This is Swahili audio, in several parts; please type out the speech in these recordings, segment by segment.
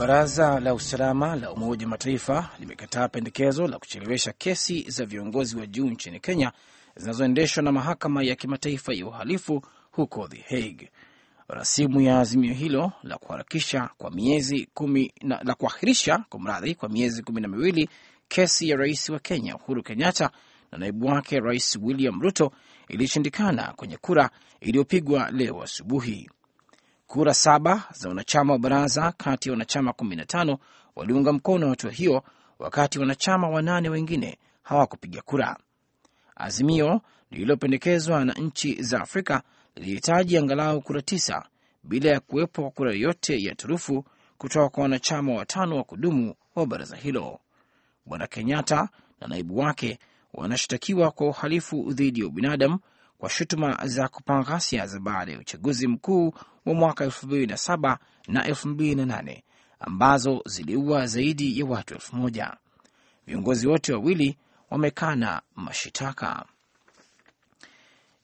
Baraza la Usalama la Umoja wa Mataifa limekataa pendekezo la kuchelewesha kesi za viongozi wa juu nchini Kenya zinazoendeshwa na Mahakama ya Kimataifa ya Uhalifu huko The Hague. Rasimu ya azimio hilo la kuharakisha kwa miezi kumi na, la kuahirisha kwa mradhi kwa miezi kumi na miwili kesi ya rais wa Kenya Uhuru Kenyatta na naibu wake Rais William Ruto ilishindikana kwenye kura iliyopigwa leo asubuhi. Kura saba za wanachama wa baraza kati ya wanachama 15 waliunga mkono hatua hiyo, wakati wanachama wanane wengine hawakupiga kura. Azimio lililopendekezwa na nchi za Afrika lilihitaji angalau kura tisa bila ya kuwepo kwa kura yoyote ya turufu kutoka kwa wanachama watano wa kudumu wa baraza hilo. Bwana Kenyatta na naibu wake wanashtakiwa kwa uhalifu dhidi ya ubinadamu kwa shutuma za kupanga ghasia za baada ya uchaguzi mkuu wa mwaka 27 na 28 ambazo ziliua zaidi ya watu elfu moja. Viongozi wote wawili wamekana mashitaka.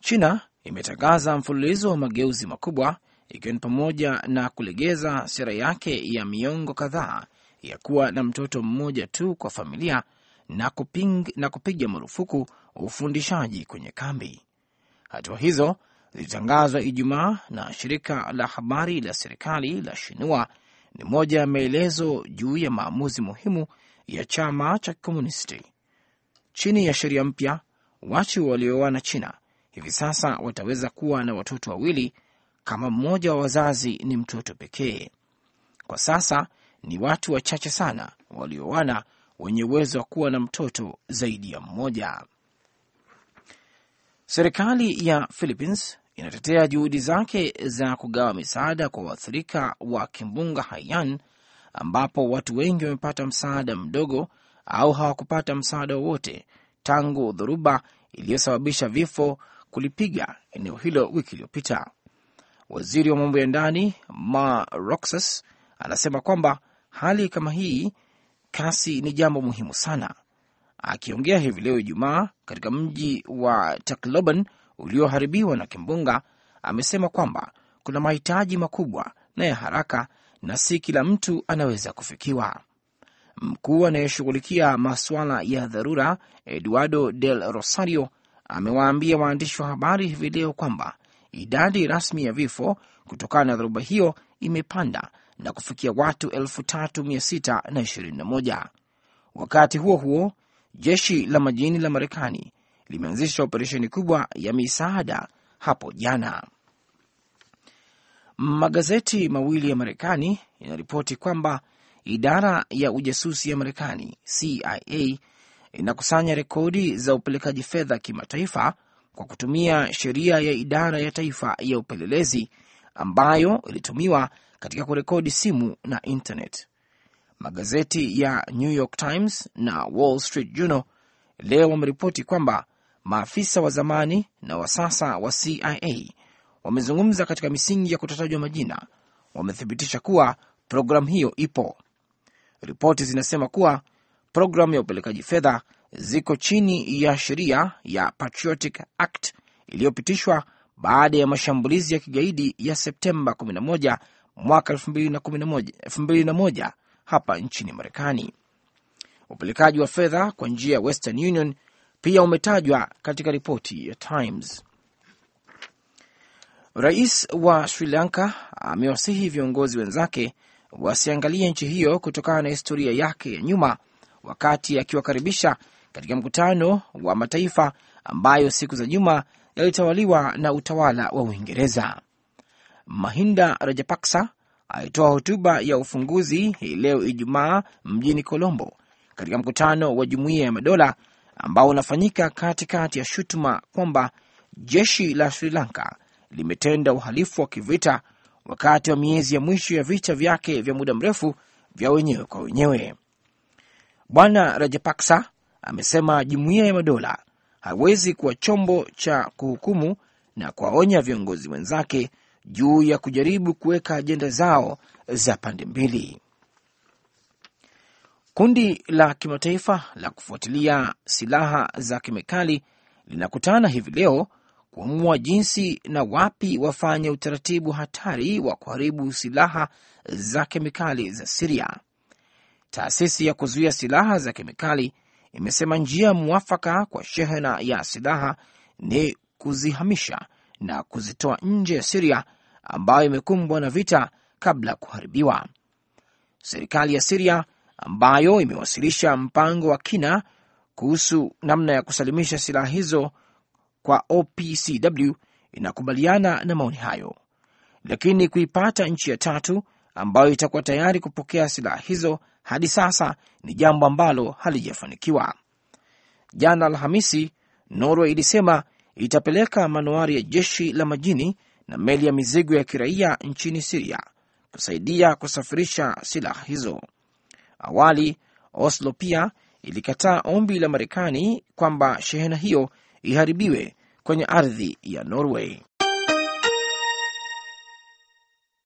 China imetangaza mfululizo wa mageuzi makubwa ikiwa ni pamoja na kulegeza sera yake ya miongo kadhaa ya kuwa na mtoto mmoja tu kwa familia na, kuping, na kupiga marufuku ufundishaji kwenye kambi. Hatua hizo zilitangazwa Ijumaa na shirika la habari la serikali la Shinua. Ni moja ya maelezo juu ya maamuzi muhimu ya chama cha Kikomunisti. Chini ya sheria mpya, watu walioa na China hivi sasa wataweza kuwa na watoto wawili kama mmoja wa wazazi ni mtoto pekee. Kwa sasa ni watu wachache sana walioana wenye uwezo wa kuwa na mtoto zaidi ya mmoja. Serikali ya Philippines inatetea juhudi zake za kugawa misaada kwa waathirika wa kimbunga Haiyan, ambapo watu wengi wamepata msaada mdogo au hawakupata msaada wowote tangu dhoruba iliyosababisha vifo kulipiga eneo hilo wiki iliyopita. Waziri wa mambo ya ndani Ma Roxas anasema kwamba hali kama hii kasi ni jambo muhimu sana Akiongea hivi leo Ijumaa katika mji wa Tacloban ulioharibiwa na kimbunga, amesema kwamba kuna mahitaji makubwa na ya haraka na si kila mtu anaweza kufikiwa. Mkuu anayeshughulikia masuala ya dharura Eduardo del Rosario amewaambia waandishi wa habari hivi leo kwamba idadi rasmi ya vifo kutokana na dharuba hiyo imepanda na kufikia watu 3621. Wakati huo huo, jeshi la majini la Marekani limeanzisha operesheni kubwa ya misaada hapo jana. Magazeti mawili ya Marekani yanaripoti kwamba idara ya ujasusi ya Marekani CIA inakusanya rekodi za upelekaji fedha kimataifa kwa kutumia sheria ya idara ya taifa ya upelelezi ambayo ilitumiwa katika kurekodi simu na intnet magazeti ya New York Times na Wall Street Journal leo wameripoti kwamba maafisa wa zamani na wa sasa wa CIA wamezungumza katika misingi ya kutatajwa majina. Wamethibitisha kuwa programu hiyo ipo. Ripoti zinasema kuwa programu ya upelekaji fedha ziko chini ya sheria ya Patriotic Act iliyopitishwa baada ya mashambulizi ya kigaidi ya Septemba 11 mwaka 2001 hapa nchini Marekani. Upelekaji wa fedha kwa njia ya Western Union pia umetajwa katika ripoti ya Times. Rais wa Sri Lanka amewasihi viongozi wenzake wasiangalie nchi hiyo kutokana na historia yake ya nyuma, wakati akiwakaribisha katika mkutano wa mataifa ambayo siku za nyuma yalitawaliwa na utawala wa Uingereza. Mahinda Rajapaksa alitoa hotuba ya ufunguzi hii leo Ijumaa mjini Colombo katika mkutano wa Jumuiya ya Madola ambao unafanyika katikati ya shutuma kwamba jeshi la Sri Lanka limetenda uhalifu wa kivita wakati wa miezi ya mwisho ya vita vyake vya muda mrefu vya wenyewe kwa wenyewe. Bwana Rajapaksa amesema Jumuiya ya Madola hawezi kuwa chombo cha kuhukumu na kuwaonya viongozi wenzake juu ya kujaribu kuweka ajenda zao za pande mbili. Kundi la kimataifa la kufuatilia silaha za kemikali linakutana hivi leo kuamua jinsi na wapi wafanye utaratibu hatari wa kuharibu silaha za kemikali za Siria. Taasisi ya kuzuia silaha za kemikali imesema njia mwafaka kwa shehena ya silaha ni kuzihamisha na kuzitoa nje ya Siria ambayo imekumbwa na vita kabla ya kuharibiwa. Serikali ya Siria ambayo imewasilisha mpango wa kina kuhusu namna ya kusalimisha silaha hizo kwa OPCW inakubaliana na maoni hayo, lakini kuipata nchi ya tatu ambayo itakuwa tayari kupokea silaha hizo hadi sasa ni jambo ambalo halijafanikiwa. Jana Alhamisi, Norway ilisema itapeleka manuari ya jeshi la majini na meli ya mizigo ya kiraia nchini Siria kusaidia kusafirisha silaha hizo. Awali Oslo pia ilikataa ombi la Marekani kwamba shehena hiyo iharibiwe kwenye ardhi ya Norway.